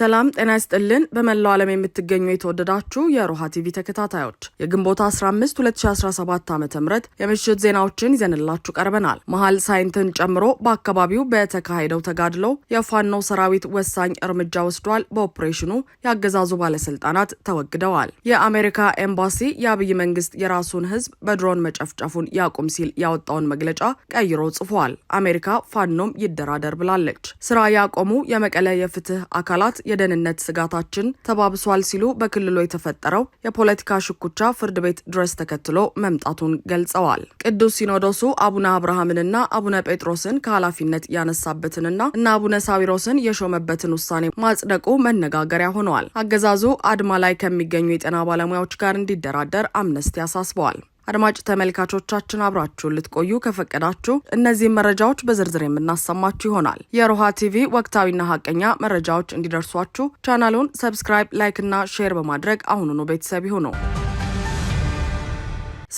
ሰላም ጤና ይስጥልን። በመላው ዓለም የምትገኙ የተወደዳችሁ የሮሃ ቲቪ ተከታታዮች የግንቦት 15 2017 ዓ ም የምሽት ዜናዎችን ይዘንላችሁ ቀርበናል። መሀል ሳይንትን ጨምሮ በአካባቢው በተካሄደው ተጋድሎ የፋኖ ሰራዊት ወሳኝ እርምጃ ወስዷል። በኦፕሬሽኑ የአገዛዙ ባለስልጣናት ተወግደዋል። የአሜሪካ ኤምባሲ የአብይ መንግስት የራሱን ህዝብ በድሮን መጨፍጨፉን ያቁም ሲል ያወጣውን መግለጫ ቀይሮ ጽፏል። አሜሪካ ፋኖም ይደራደር ብላለች። ስራ ያቆሙ የመቀለ የፍትህ አካላት የደህንነት ስጋታችን ተባብሷል ሲሉ በክልሉ የተፈጠረው የፖለቲካ ሽኩቻ ፍርድ ቤት ድረስ ተከትሎ መምጣቱን ገልጸዋል። ቅዱስ ሲኖዶሱ አቡነ አብርሃምንና አቡነ ጴጥሮስን ከኃላፊነት ያነሳበትንና እና አቡነ ሳዊሮስን የሾመበትን ውሳኔ ማጽደቁ መነጋገሪያ ሆነዋል። አገዛዙ አድማ ላይ ከሚገኙ የጤና ባለሙያዎች ጋር እንዲደራደር አምነስቲ አሳስበዋል። አድማጭ ተመልካቾቻችን አብራችሁን ልትቆዩ ከፈቀዳችሁ እነዚህን መረጃዎች በዝርዝር የምናሰማችሁ ይሆናል። የሮሃ ቲቪ ወቅታዊና ሀቀኛ መረጃዎች እንዲደርሷችሁ ቻናሉን ሰብስክራይብ፣ ላይክ እና ሼር በማድረግ አሁኑኑ ቤተሰብ ይሁኑ።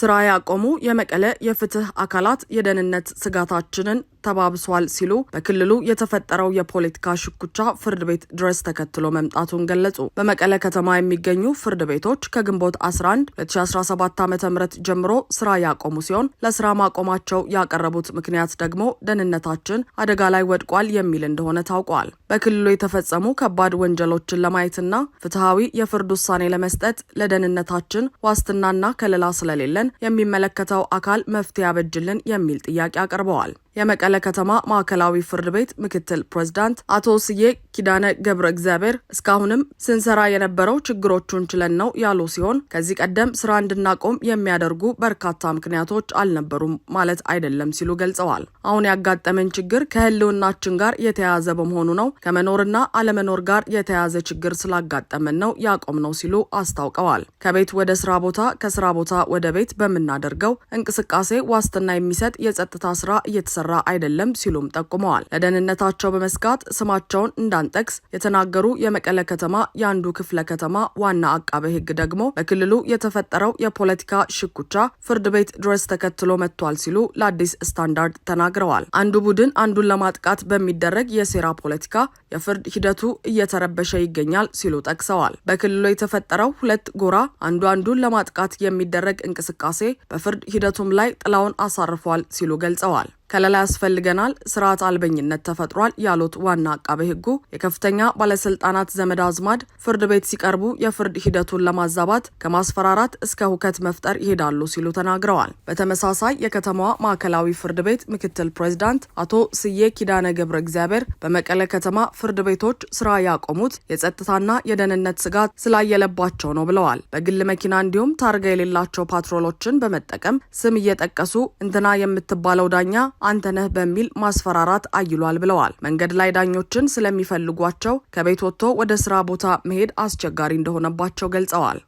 ስራ ያቆሙ የመቀለ የፍትህ አካላት የደህንነት ስጋታችንን ተባብሷል ሲሉ በክልሉ የተፈጠረው የፖለቲካ ሽኩቻ ፍርድ ቤት ድረስ ተከትሎ መምጣቱን ገለጹ። በመቀለ ከተማ የሚገኙ ፍርድ ቤቶች ከግንቦት 11 2017 ዓ ም ጀምሮ ስራ ያቆሙ ሲሆን ለስራ ማቆማቸው ያቀረቡት ምክንያት ደግሞ ደህንነታችን አደጋ ላይ ወድቋል የሚል እንደሆነ ታውቋል። በክልሉ የተፈጸሙ ከባድ ወንጀሎችን ለማየትና ፍትሐዊ የፍርድ ውሳኔ ለመስጠት ለደህንነታችን ዋስትናና ከለላ ስለሌለን የሚመለከተው አካል መፍትሄ ያበጅልን የሚል ጥያቄ አቅርበዋል። የመቀለ ከተማ ማዕከላዊ ፍርድ ቤት ምክትል ፕሬዝዳንት አቶ ስዬ ኪዳነ ገብረ እግዚአብሔር እስካሁንም ስንሰራ የነበረው ችግሮቹን ችለን ነው ያሉ ሲሆን ከዚህ ቀደም ስራ እንድናቆም የሚያደርጉ በርካታ ምክንያቶች አልነበሩም ማለት አይደለም ሲሉ ገልጸዋል። አሁን ያጋጠመን ችግር ከህልውናችን ጋር የተያያዘ በመሆኑ ነው፣ ከመኖርና አለመኖር ጋር የተያያዘ ችግር ስላጋጠመን ነው ያቆም ነው ሲሉ አስታውቀዋል። ከቤት ወደ ስራ ቦታ፣ ከስራ ቦታ ወደ ቤት በምናደርገው እንቅስቃሴ ዋስትና የሚሰጥ የጸጥታ ስራ እየተሰራ እየተሰራ አይደለም ሲሉም ጠቁመዋል። ለደህንነታቸው በመስጋት ስማቸውን እንዳንጠቅስ የተናገሩ የመቀለ ከተማ የአንዱ ክፍለ ከተማ ዋና አቃቤ ሕግ ደግሞ በክልሉ የተፈጠረው የፖለቲካ ሽኩቻ ፍርድ ቤት ድረስ ተከትሎ መጥቷል ሲሉ ለአዲስ ስታንዳርድ ተናግረዋል። አንዱ ቡድን አንዱን ለማጥቃት በሚደረግ የሴራ ፖለቲካ የፍርድ ሂደቱ እየተረበሸ ይገኛል ሲሉ ጠቅሰዋል። በክልሉ የተፈጠረው ሁለት ጎራ አንዱ አንዱን ለማጥቃት የሚደረግ እንቅስቃሴ በፍርድ ሂደቱም ላይ ጥላውን አሳርፏል ሲሉ ገልጸዋል። ከለላ ያስፈልገናል፣ ስርዓት አልበኝነት ተፈጥሯል ያሉት ዋና አቃቤ ሕጉ የከፍተኛ ባለስልጣናት ዘመድ አዝማድ ፍርድ ቤት ሲቀርቡ የፍርድ ሂደቱን ለማዛባት ከማስፈራራት እስከ ሁከት መፍጠር ይሄዳሉ ሲሉ ተናግረዋል። በተመሳሳይ የከተማዋ ማዕከላዊ ፍርድ ቤት ምክትል ፕሬዚዳንት አቶ ስዬ ኪዳነ ገብረ እግዚአብሔር በመቀለ ከተማ ፍርድ ቤቶች ስራ ያቆሙት የጸጥታና የደህንነት ስጋት ስላየለባቸው ነው ብለዋል። በግል መኪና እንዲሁም ታርጋ የሌላቸው ፓትሮሎችን በመጠቀም ስም እየጠቀሱ እንትና የምትባለው ዳኛ አንተነህ በሚል ማስፈራራት አይሏል ብለዋል። መንገድ ላይ ዳኞችን ስለሚፈልጓቸው ከቤት ወጥቶ ወደ ስራ ቦታ መሄድ አስቸጋሪ እንደሆነባቸው ገልጸዋል።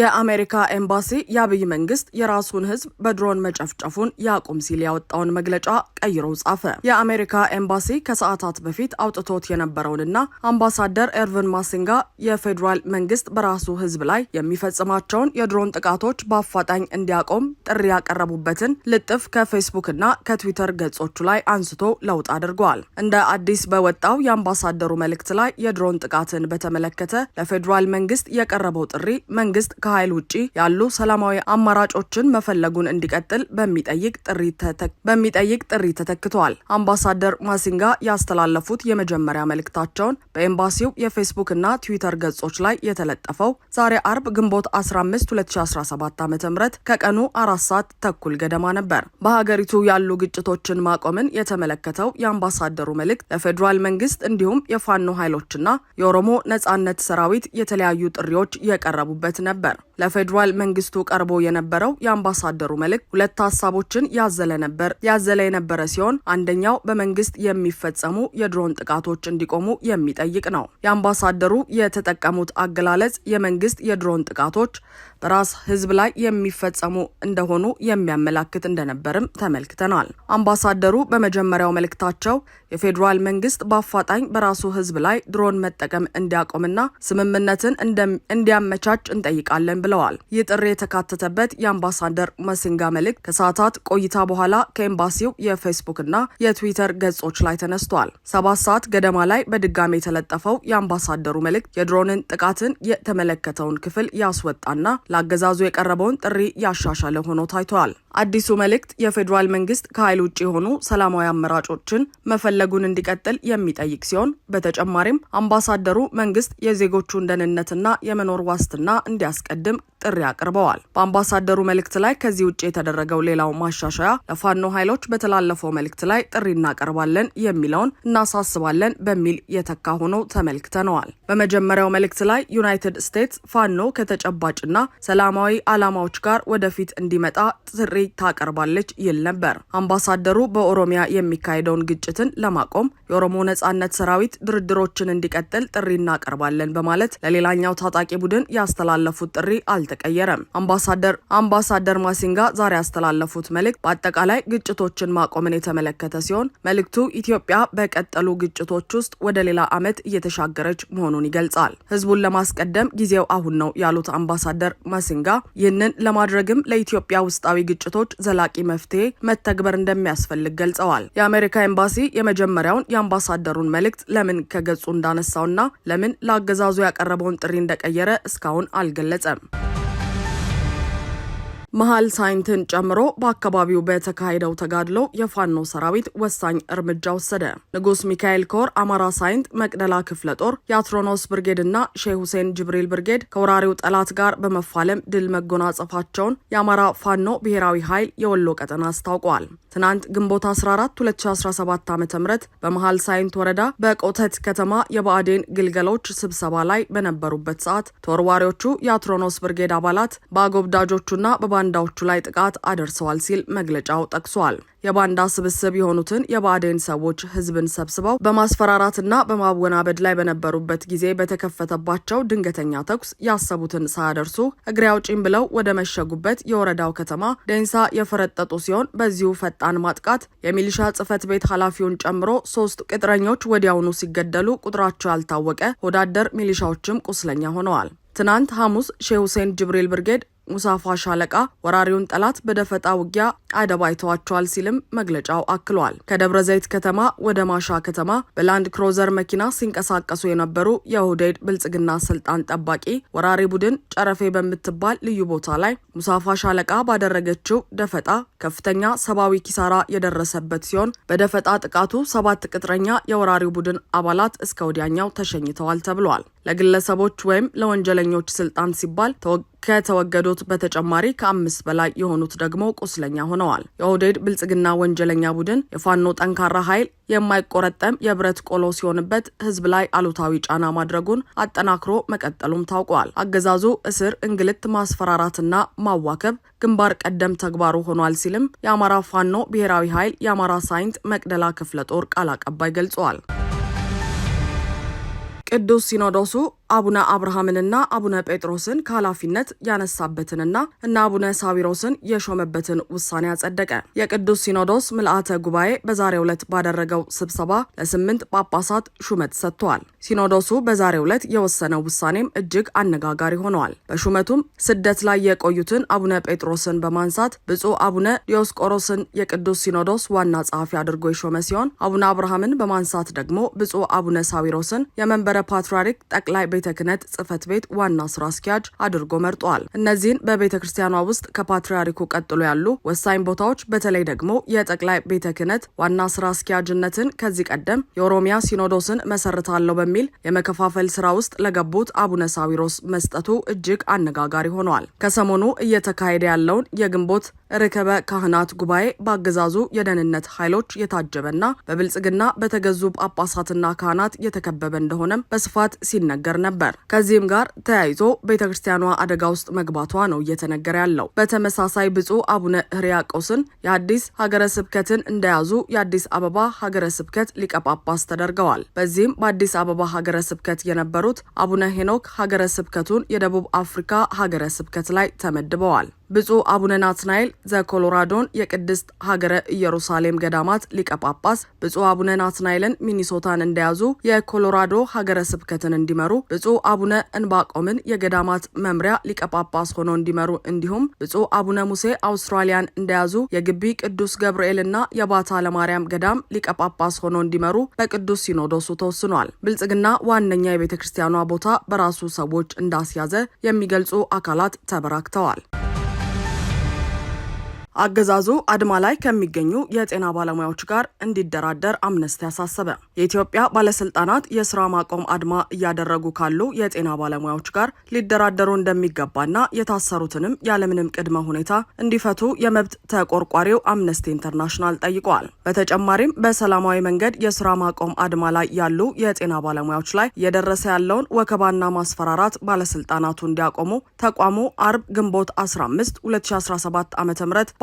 የአሜሪካ ኤምባሲ የአብይ መንግስት የራሱን ህዝብ በድሮን መጨፍጨፉን ያቁም ሲል ያወጣውን መግለጫ ቀይሮ ጻፈ። የአሜሪካ ኤምባሲ ከሰዓታት በፊት አውጥቶት የነበረውንና አምባሳደር ኤርቪን ማሲንጋ የፌዴራል መንግስት በራሱ ህዝብ ላይ የሚፈጽማቸውን የድሮን ጥቃቶች በአፋጣኝ እንዲያቆም ጥሪ ያቀረቡበትን ልጥፍ ከፌስቡክና ከትዊተር ገጾቹ ላይ አንስቶ ለውጥ አድርገዋል። እንደ አዲስ በወጣው የአምባሳደሩ መልእክት ላይ የድሮን ጥቃትን በተመለከተ ለፌዴራል መንግስት የቀረበው ጥሪ መንግስት ከኃይል ውጭ ያሉ ሰላማዊ አማራጮችን መፈለጉን እንዲቀጥል በሚጠይቅ ጥሪ ተተክተዋል። አምባሳደር ማሲንጋ ያስተላለፉት የመጀመሪያ መልእክታቸውን በኤምባሲው የፌስቡክ እና ትዊተር ገጾች ላይ የተለጠፈው ዛሬ አርብ ግንቦት 15 2017 ዓ ም ከቀኑ አራት ሰዓት ተኩል ገደማ ነበር። በሀገሪቱ ያሉ ግጭቶችን ማቆምን የተመለከተው የአምባሳደሩ መልእክት ለፌዴራል መንግስት እንዲሁም የፋኖ ኃይሎችና የኦሮሞ ነጻነት ሰራዊት የተለያዩ ጥሪዎች የቀረቡበት ነበር። claro. ለፌዴራል መንግስቱ ቀርቦ የነበረው የአምባሳደሩ መልእክት ሁለት ሀሳቦችን ያዘለ ነበር ያዘለ የነበረ ሲሆን አንደኛው በመንግስት የሚፈጸሙ የድሮን ጥቃቶች እንዲቆሙ የሚጠይቅ ነው። የአምባሳደሩ የተጠቀሙት አገላለጽ የመንግስት የድሮን ጥቃቶች በራስ ህዝብ ላይ የሚፈጸሙ እንደሆኑ የሚያመላክት እንደነበርም ተመልክተናል። አምባሳደሩ በመጀመሪያው መልእክታቸው የፌዴራል መንግስት በአፋጣኝ በራሱ ህዝብ ላይ ድሮን መጠቀም እንዲያቆምና ስምምነትን እንዲያመቻች እንጠይቃለን ብለዋል። ይህ ጥሪ የተካተተበት የአምባሳደር መሲንጋ መልእክት ከሰዓታት ቆይታ በኋላ ከኤምባሲው የፌስቡክ እና የትዊተር ገጾች ላይ ተነስቷል። ሰባት ሰዓት ገደማ ላይ በድጋሚ የተለጠፈው የአምባሳደሩ መልእክት የድሮንን ጥቃትን የተመለከተውን ክፍል ያስወጣና ለአገዛዙ የቀረበውን ጥሪ ያሻሻለ ሆኖ ታይቷል። አዲሱ መልእክት የፌዴራል መንግስት ከኃይል ውጭ የሆኑ ሰላማዊ አመራጮችን መፈለጉን እንዲቀጥል የሚጠይቅ ሲሆን በተጨማሪም አምባሳደሩ መንግስት የዜጎቹን ደህንነትና የመኖር ዋስትና እንዲያስቀድም ጥሪ አቅርበዋል። በአምባሳደሩ መልእክት ላይ ከዚህ ውጭ የተደረገው ሌላው ማሻሻያ ለፋኖ ኃይሎች በተላለፈው መልእክት ላይ ጥሪ እናቀርባለን የሚለውን እናሳስባለን በሚል የተካ ሆኖ ተመልክተነዋል። በመጀመሪያው መልእክት ላይ ዩናይትድ ስቴትስ ፋኖ ከተጨባጭና ሰላማዊ ዓላማዎች ጋር ወደፊት እንዲመጣ ጥሪ ታቀርባለች ይል ነበር። አምባሳደሩ በኦሮሚያ የሚካሄደውን ግጭትን ለማቆም የኦሮሞ ነጻነት ሰራዊት ድርድሮችን እንዲቀጥል ጥሪ እናቀርባለን በማለት ለሌላኛው ታጣቂ ቡድን ያስተላለፉት ጥሪ አልተቀየረም። አምባሳደር አምባሳደር ማሲንጋ ዛሬ ያስተላለፉት መልእክት በአጠቃላይ ግጭቶችን ማቆምን የተመለከተ ሲሆን መልእክቱ ኢትዮጵያ በቀጠሉ ግጭቶች ውስጥ ወደ ሌላ ዓመት እየተሻገረች መሆኑን ይገልጻል። ህዝቡን ለማስቀደም ጊዜው አሁን ነው ያሉት አምባሳደር ማሲንጋ ይህንን ለማድረግም ለኢትዮጵያ ውስጣዊ ግጭ ግጭቶች ዘላቂ መፍትሄ መተግበር እንደሚያስፈልግ ገልጸዋል። የአሜሪካ ኤምባሲ የመጀመሪያውን የአምባሳደሩን መልእክት ለምን ከገጹ እንዳነሳውና ለምን ለአገዛዙ ያቀረበውን ጥሪ እንደቀየረ እስካሁን አልገለጸም። መሀል ሳይንትን ጨምሮ በአካባቢው በተካሄደው ተጋድሎ የፋኖ ሰራዊት ወሳኝ እርምጃ ወሰደ። ንጉስ ሚካኤል ኮር አማራ ሳይንት መቅደላ ክፍለ ጦር የአትሮኖስ ብርጌድ እና ሼህ ሁሴን ጅብሪል ብርጌድ ከወራሪው ጠላት ጋር በመፋለም ድል መጎናጸፋቸውን የአማራ ፋኖ ብሔራዊ ኃይል የወሎ ቀጠና አስታውቋል። ትናንት ግንቦት 14 2017 ዓ ም በመሀል ሳይንት ወረዳ በቆተት ከተማ የባዕዴን ግልገሎች ስብሰባ ላይ በነበሩበት ሰዓት ተወርዋሪዎቹ የአትሮኖስ ብርጌድ አባላት በአጎብዳጆቹና በባ ባንዳዎቹ ላይ ጥቃት አደርሰዋል ሲል መግለጫው ጠቅሷል። የባንዳ ስብስብ የሆኑትን የባዕዴን ሰዎች ህዝብን ሰብስበው በማስፈራራትና በማወናበድ ላይ በነበሩበት ጊዜ በተከፈተባቸው ድንገተኛ ተኩስ ያሰቡትን ሳያደርሱ እግሬ አውጪኝ ብለው ወደ መሸጉበት የወረዳው ከተማ ደንሳ የፈረጠጡ ሲሆን በዚሁ ፈጣን ማጥቃት የሚሊሻ ጽህፈት ቤት ኃላፊውን ጨምሮ ሶስት ቅጥረኞች ወዲያውኑ ሲገደሉ ቁጥራቸው ያልታወቀ ወዳደር ሚሊሻዎችም ቁስለኛ ሆነዋል። ትናንት ሐሙስ ሼህ ሁሴን ጅብሪል ብርጌድ ሙሳፋ ሻለቃ ወራሪውን ጠላት በደፈጣ ውጊያ አደባይተዋቸዋል ሲልም መግለጫው አክሏል። ከደብረ ዘይት ከተማ ወደ ማሻ ከተማ በላንድ ክሮዘር መኪና ሲንቀሳቀሱ የነበሩ የኦህዴድ ብልጽግና ስልጣን ጠባቂ ወራሪ ቡድን ጨረፌ በምትባል ልዩ ቦታ ላይ ሙሳፋ ሻለቃ ባደረገችው ደፈጣ ከፍተኛ ሰብአዊ ኪሳራ የደረሰበት ሲሆን በደፈጣ ጥቃቱ ሰባት ቅጥረኛ የወራሪው ቡድን አባላት እስከ ወዲያኛው ተሸኝተዋል ተብሏል። ለግለሰቦች ወይም ለወንጀለኞች ስልጣን ሲባል ከተወገዱት በተጨማሪ ከአምስት በላይ የሆኑት ደግሞ ቁስለኛ ሆነዋል። የኦህዴድ ብልጽግና ወንጀለኛ ቡድን የፋኖ ጠንካራ ኃይል የማይቆረጠም የብረት ቆሎ ሲሆንበት ህዝብ ላይ አሉታዊ ጫና ማድረጉን አጠናክሮ መቀጠሉም ታውቋል። አገዛዙ እስር፣ እንግልት፣ ማስፈራራትና ማዋከብ ግንባር ቀደም ተግባሩ ሆኗል ሲልም የአማራ ፋኖ ብሔራዊ ኃይል የአማራ ሳይንት መቅደላ ክፍለ ጦር ቃል አቀባይ ገልጿል። ቅዱስ ሲኖዶሱ አቡነ አብርሃምንና አቡነ ጴጥሮስን ከኃላፊነት ያነሳበትንና እና አቡነ ሳዊሮስን የሾመበትን ውሳኔ አጸደቀ። የቅዱስ ሲኖዶስ ምልአተ ጉባኤ በዛሬው ዕለት ባደረገው ስብሰባ ለስምንት ጳጳሳት ሹመት ሰጥቷል። ሲኖዶሱ በዛሬው ዕለት የወሰነው ውሳኔም እጅግ አነጋጋሪ ሆነዋል። በሹመቱም ስደት ላይ የቆዩትን አቡነ ጴጥሮስን በማንሳት ብፁዕ አቡነ ዲዮስቆሮስን የቅዱስ ሲኖዶስ ዋና ጸሐፊ አድርጎ የሾመ ሲሆን አቡነ አብርሃምን በማንሳት ደግሞ ብፁዕ አቡነ ሳዊሮስን የመንበረ ፓትርያርክ ጠቅላይ ቤተ ክህነት ጽህፈት ቤት ዋና ስራ አስኪያጅ አድርጎ መርጧል። እነዚህን በቤተ ክርስቲያኗ ውስጥ ከፓትርያርኩ ቀጥሎ ያሉ ወሳኝ ቦታዎች በተለይ ደግሞ የጠቅላይ ቤተ ክህነት ዋና ስራ አስኪያጅነትን ከዚህ ቀደም የኦሮሚያ ሲኖዶስን መሰርታለሁ በሚል የመከፋፈል ስራ ውስጥ ለገቡት አቡነ ሳዊሮስ መስጠቱ እጅግ አነጋጋሪ ሆኗል። ከሰሞኑ እየተካሄደ ያለውን የግንቦት ርክበ ካህናት ጉባኤ በአገዛዙ የደህንነት ኃይሎች የታጀበና በብልጽግና በተገዙ ጳጳሳትና ካህናት የተከበበ እንደሆነም በስፋት ሲነገር ነበር። ነበር። ከዚህም ጋር ተያይዞ ቤተ ክርስቲያኗ አደጋ ውስጥ መግባቷ ነው እየተነገረ ያለው። በተመሳሳይ ብፁዕ አቡነ ህርያቆስን የአዲስ ሀገረ ስብከትን እንደያዙ የአዲስ አበባ ሀገረ ስብከት ሊቀ ጳጳስ ተደርገዋል። በዚህም በአዲስ አበባ ሀገረ ስብከት የነበሩት አቡነ ሄኖክ ሀገረ ስብከቱን የደቡብ አፍሪካ ሀገረ ስብከት ላይ ተመድበዋል። ብፁዕ አቡነ ናትናኤል ዘኮሎራዶን የቅድስት ሀገረ ኢየሩሳሌም ገዳማት ሊቀ ጳጳስ፣ ብፁዕ አቡነ ናትናኤልን ሚኒሶታን እንደያዙ የኮሎራዶ ሀገረ ስብከትን እንዲመሩ፣ ብፁዕ አቡነ እንባቆምን የገዳማት መምሪያ ሊቀ ጳጳስ ሆነው እንዲመሩ እንዲሁም ብፁዕ አቡነ ሙሴ አውስትራሊያን እንደያዙ የግቢ ቅዱስ ገብርኤልና የባታ ለማርያም ገዳም ሊቀ ጳጳስ እንዲመሩ በቅዱስ ሲኖዶሱ ተወስኗል። ብልጽግና ዋነኛ የቤተ ክርስቲያኗ ቦታ በራሱ ሰዎች እንዳስያዘ የሚገልጹ አካላት ተበራክተዋል። አገዛዙ አድማ ላይ ከሚገኙ የጤና ባለሙያዎች ጋር እንዲደራደር አምነስቲ አሳሰበ። የኢትዮጵያ ባለስልጣናት የስራ ማቆም አድማ እያደረጉ ካሉ የጤና ባለሙያዎች ጋር ሊደራደሩ እንደሚገባና የታሰሩትንም ያለምንም ቅድመ ሁኔታ እንዲፈቱ የመብት ተቆርቋሪው አምነስቲ ኢንተርናሽናል ጠይቋል። በተጨማሪም በሰላማዊ መንገድ የስራ ማቆም አድማ ላይ ያሉ የጤና ባለሙያዎች ላይ እየደረሰ ያለውን ወከባና ማስፈራራት ባለስልጣናቱ እንዲያቆሙ ተቋሙ አርብ ግንቦት 15 2017 ዓ ም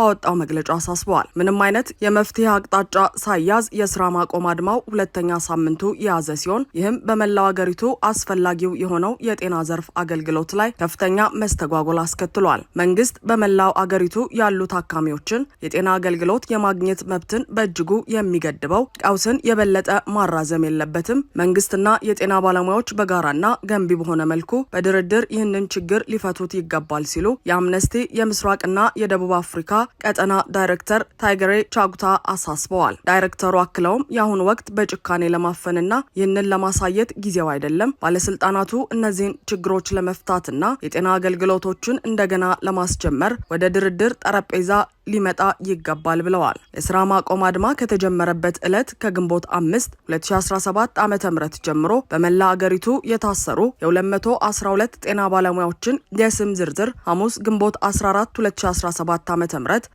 ባወጣው መግለጫ አሳስበዋል። ምንም አይነት የመፍትሄ አቅጣጫ ሳያዝ የስራ ማቆም አድማው ሁለተኛ ሳምንቱ የያዘ ሲሆን ይህም በመላው አገሪቱ አስፈላጊው የሆነው የጤና ዘርፍ አገልግሎት ላይ ከፍተኛ መስተጓጎል አስከትሏል። መንግስት በመላው አገሪቱ ያሉ ታካሚዎችን የጤና አገልግሎት የማግኘት መብትን በእጅጉ የሚገድበው ቀውስን የበለጠ ማራዘም የለበትም። መንግስትና የጤና ባለሙያዎች በጋራና ገንቢ በሆነ መልኩ በድርድር ይህንን ችግር ሊፈቱት ይገባል ሲሉ የአምነስቲ የምስራቅና የደቡብ አፍሪካ ቀጠና ዳይሬክተር ታይገሬ ቻጉታ አሳስበዋል። ዳይሬክተሩ አክለውም የአሁኑ ወቅት በጭካኔ ለማፈንና ይህንን ለማሳየት ጊዜው አይደለም። ባለስልጣናቱ እነዚህን ችግሮች ለመፍታትና የጤና አገልግሎቶችን እንደገና ለማስጀመር ወደ ድርድር ጠረጴዛ ሊመጣ ይገባል ብለዋል። የስራ ማቆም አድማ ከተጀመረበት ዕለት ከግንቦት አምስት 2017 ዓ ም ጀምሮ በመላ አገሪቱ የታሰሩ የ212 ጤና ባለሙያዎችን የስም ዝርዝር ሐሙስ ግንቦት 14 2017 ዓ ም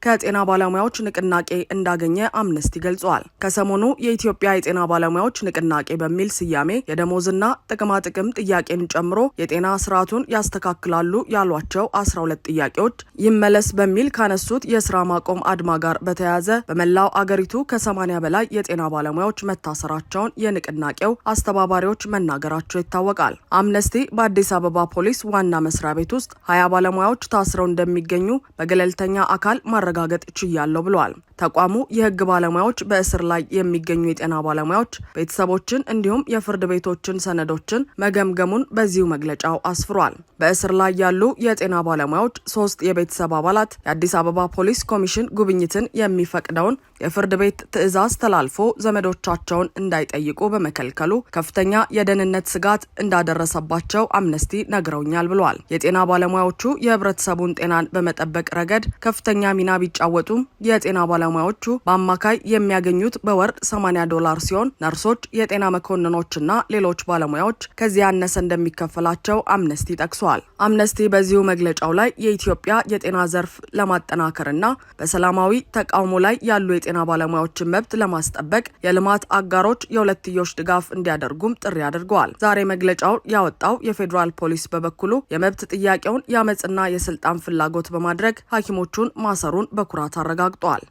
ከጤና ባለሙያዎች ንቅናቄ እንዳገኘ አምነስቲ ገልጿል። ከሰሞኑ የኢትዮጵያ የጤና ባለሙያዎች ንቅናቄ በሚል ስያሜ የደሞዝና ጥቅማጥቅም ጥያቄን ጨምሮ የጤና ስርዓቱን ያስተካክላሉ ያሏቸው 12 ጥያቄዎች ይመለስ በሚል ካነሱት የስራ ማቆም አድማ ጋር በተያያዘ በመላው አገሪቱ ከ80 በላይ የጤና ባለሙያዎች መታሰራቸውን የንቅናቄው አስተባባሪዎች መናገራቸው ይታወቃል። አምነስቲ በአዲስ አበባ ፖሊስ ዋና መስሪያ ቤት ውስጥ ሀያ ባለሙያዎች ታስረው እንደሚገኙ በገለልተኛ አካል ማረጋገጥ ችያለሁ ብለዋል። ተቋሙ የህግ ባለሙያዎች በእስር ላይ የሚገኙ የጤና ባለሙያዎች ቤተሰቦችን እንዲሁም የፍርድ ቤቶችን ሰነዶችን መገምገሙን በዚሁ መግለጫው አስፍሯል። በእስር ላይ ያሉ የጤና ባለሙያዎች ሶስት የቤተሰብ አባላት የአዲስ አበባ ፖሊስ ኮሚሽን ጉብኝትን የሚፈቅደውን የፍርድ ቤት ትዕዛዝ ተላልፎ ዘመዶቻቸውን እንዳይጠይቁ በመከልከሉ ከፍተኛ የደህንነት ስጋት እንዳደረሰባቸው አምነስቲ ነግረውኛል ብሏል። የጤና ባለሙያዎቹ የህብረተሰቡን ጤናን በመጠበቅ ረገድ ከፍተኛ ሚና ቢጫወቱም የጤና ባለ ባለሙያዎቹ በአማካይ የሚያገኙት በወር 80 ዶላር ሲሆን ነርሶች፣ የጤና መኮንኖችና ሌሎች ባለሙያዎች ከዚህ ያነሰ እንደሚከፈላቸው አምነስቲ ጠቅሷል። አምነስቲ በዚሁ መግለጫው ላይ የኢትዮጵያ የጤና ዘርፍ ለማጠናከርና በሰላማዊ ተቃውሞ ላይ ያሉ የጤና ባለሙያዎችን መብት ለማስጠበቅ የልማት አጋሮች የሁለትዮሽ ድጋፍ እንዲያደርጉም ጥሪ አድርገዋል። ዛሬ መግለጫው ያወጣው የፌዴራል ፖሊስ በበኩሉ የመብት ጥያቄውን የአመፅና የስልጣን ፍላጎት በማድረግ ሐኪሞቹን ማሰሩን በኩራት አረጋግጧል።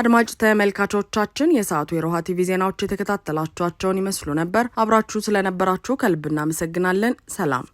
አድማጭ ተመልካቾቻችን የሰዓቱ የሮሃ ቲቪ ዜናዎች የተከታተላችኋቸውን ይመስሉ ነበር። አብራችሁ ስለነበራችሁ ከልብ እናመሰግናለን። ሰላም